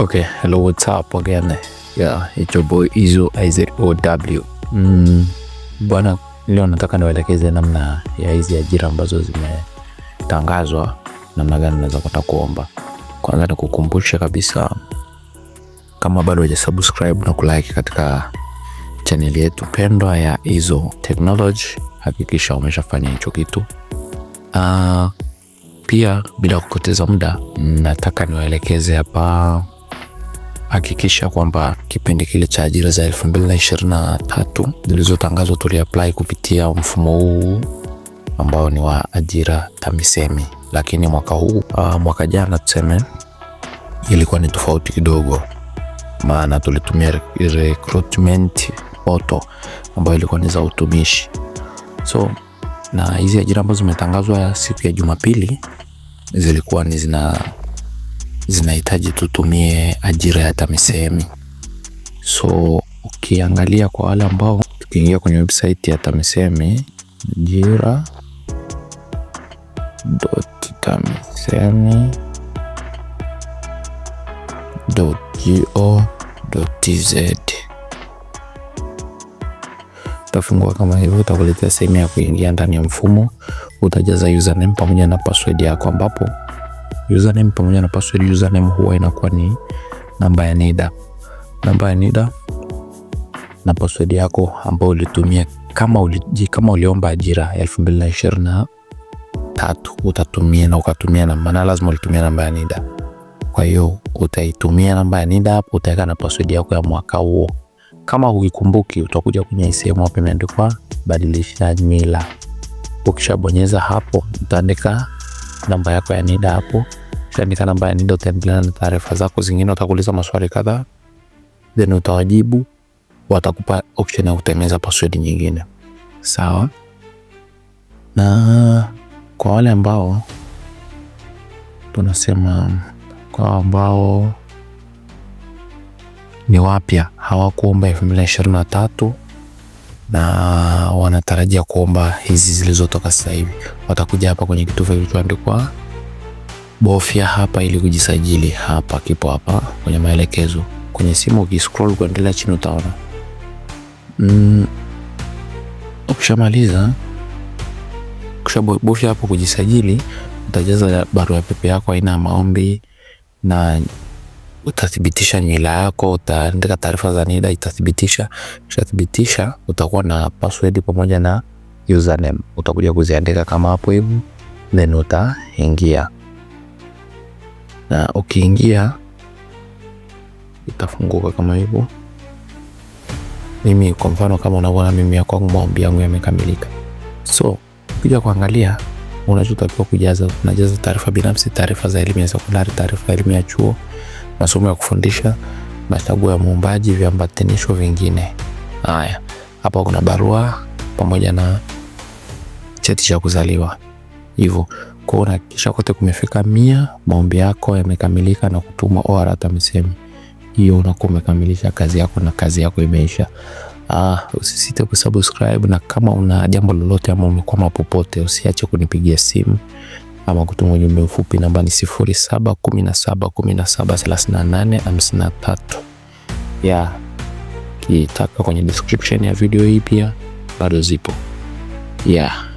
Okay, hello, what's up again? Yeah, it's your boy Izo IZOW. Mm, bwana, leo nataka niwaelekeze namna ya hizi ajira ambazo zimetangazwa, namna gani naweza kupata kuomba. Kwanza nikukumbushe kabisa, kama bado hujasubscribe na kulike katika channel yetu pendwa ya Izo Technology, hakikisha umeshafanya hicho kitu. Uh, pia bila kupoteza muda nataka niwaelekeze hapa hakikisha kwamba kipindi kile cha ajira za 2023 zilizotangazwa tuliapply kupitia mfumo huu ambao ni wa ajira TAMISEMI, lakini mwaka huu uh, mwaka jana tuseme ilikuwa ni tofauti kidogo, maana tulitumia recruitment portal ambayo ilikuwa ni za utumishi. So na hizi ajira ambazo zimetangazwa siku ya Jumapili zilikuwa ni zina zinahitaji tutumie ajira ya TAMISEMI. So ukiangalia kwa wale ambao, tukiingia kwenye website ya TAMISEMI ajira.tamisemi.go.tz utafungua kama hivyo, utakuletea sehemu ya kuingia ndani ya mfumo, utajaza username pamoja na password yako ambapo username pamoja na password. Username huwa inakuwa ni namba ya NIDA, namba ya NIDA na password yako ambayo ulitumia kama, uli, kama uliomba ajira ya tatu utatumia na ukatumia na maana lazima ulitumia namba ya NIDA. Kwa hiyo utaitumia namba ya NIDA hapo, utaweka na password yako ya mwaka huo. Kama huikumbuki utakuja kwenye sehemu hapo imeandikwa badilisha nywila. Ukishabonyeza hapo utaandika namba yako ya NIDA hapo kila mithali ambayo nenda na taarifa zako zingine, watakuuliza maswali kadhaa then utawajibu, watakupa option ya kutengeneza password nyingine, sawa. Na kwa wale ambao tunasema kwa ambao ni wapya hawakuomba elfu mbili na ishirini na tatu na wanatarajia kuomba hizi zilizotoka sasa hivi, watakuja hapa kwenye kitufe kilichoandikwa bofya hapa ili kujisajili. Hapa kipo hapa kwenye maelekezo kwenye simu, ukiscroll kuendelea chini utaona mm. Ukishamaliza ukishabofya hapo kujisajili, utajaza barua pepe yako aina ya maombi na utathibitisha nywila yako, utaandika taarifa za NIDA, itathibitisha. Ukishathibitisha utakuwa na password pamoja na username, utakuja kuziandika kama hapo hivi, then utaingia na ukiingia itafunguka kama hivyo. Mimi kwa mfano kama unavyoona mimi ya kwangu maombi yangu yamekamilika. So kuja kuangalia unachotakiwa kujaza, unajaza taarifa binafsi, taarifa za elimu ya sekondari, taarifa za elimu ya chuo, masomo ya kufundisha, machaguo ya muumbaji, viambatanisho vingine. Haya, hapa kuna barua pamoja na cheti cha kuzaliwa hivyo kwa unahakikisha kote kumefika mia, maombi yako yamekamilika na kutumwa OR TAMISEMI, hiyo unakuwa umekamilisha kazi yako na kazi yako imeisha. Uh, usisite kusubscribe na kama una jambo lolote ama umekwama popote, usiache kunipigia simu ama kutuma ujumbe mfupi. Namba ni 0717173853 saba ya kitaka kwenye description ya video hii pia bado zipo yeah.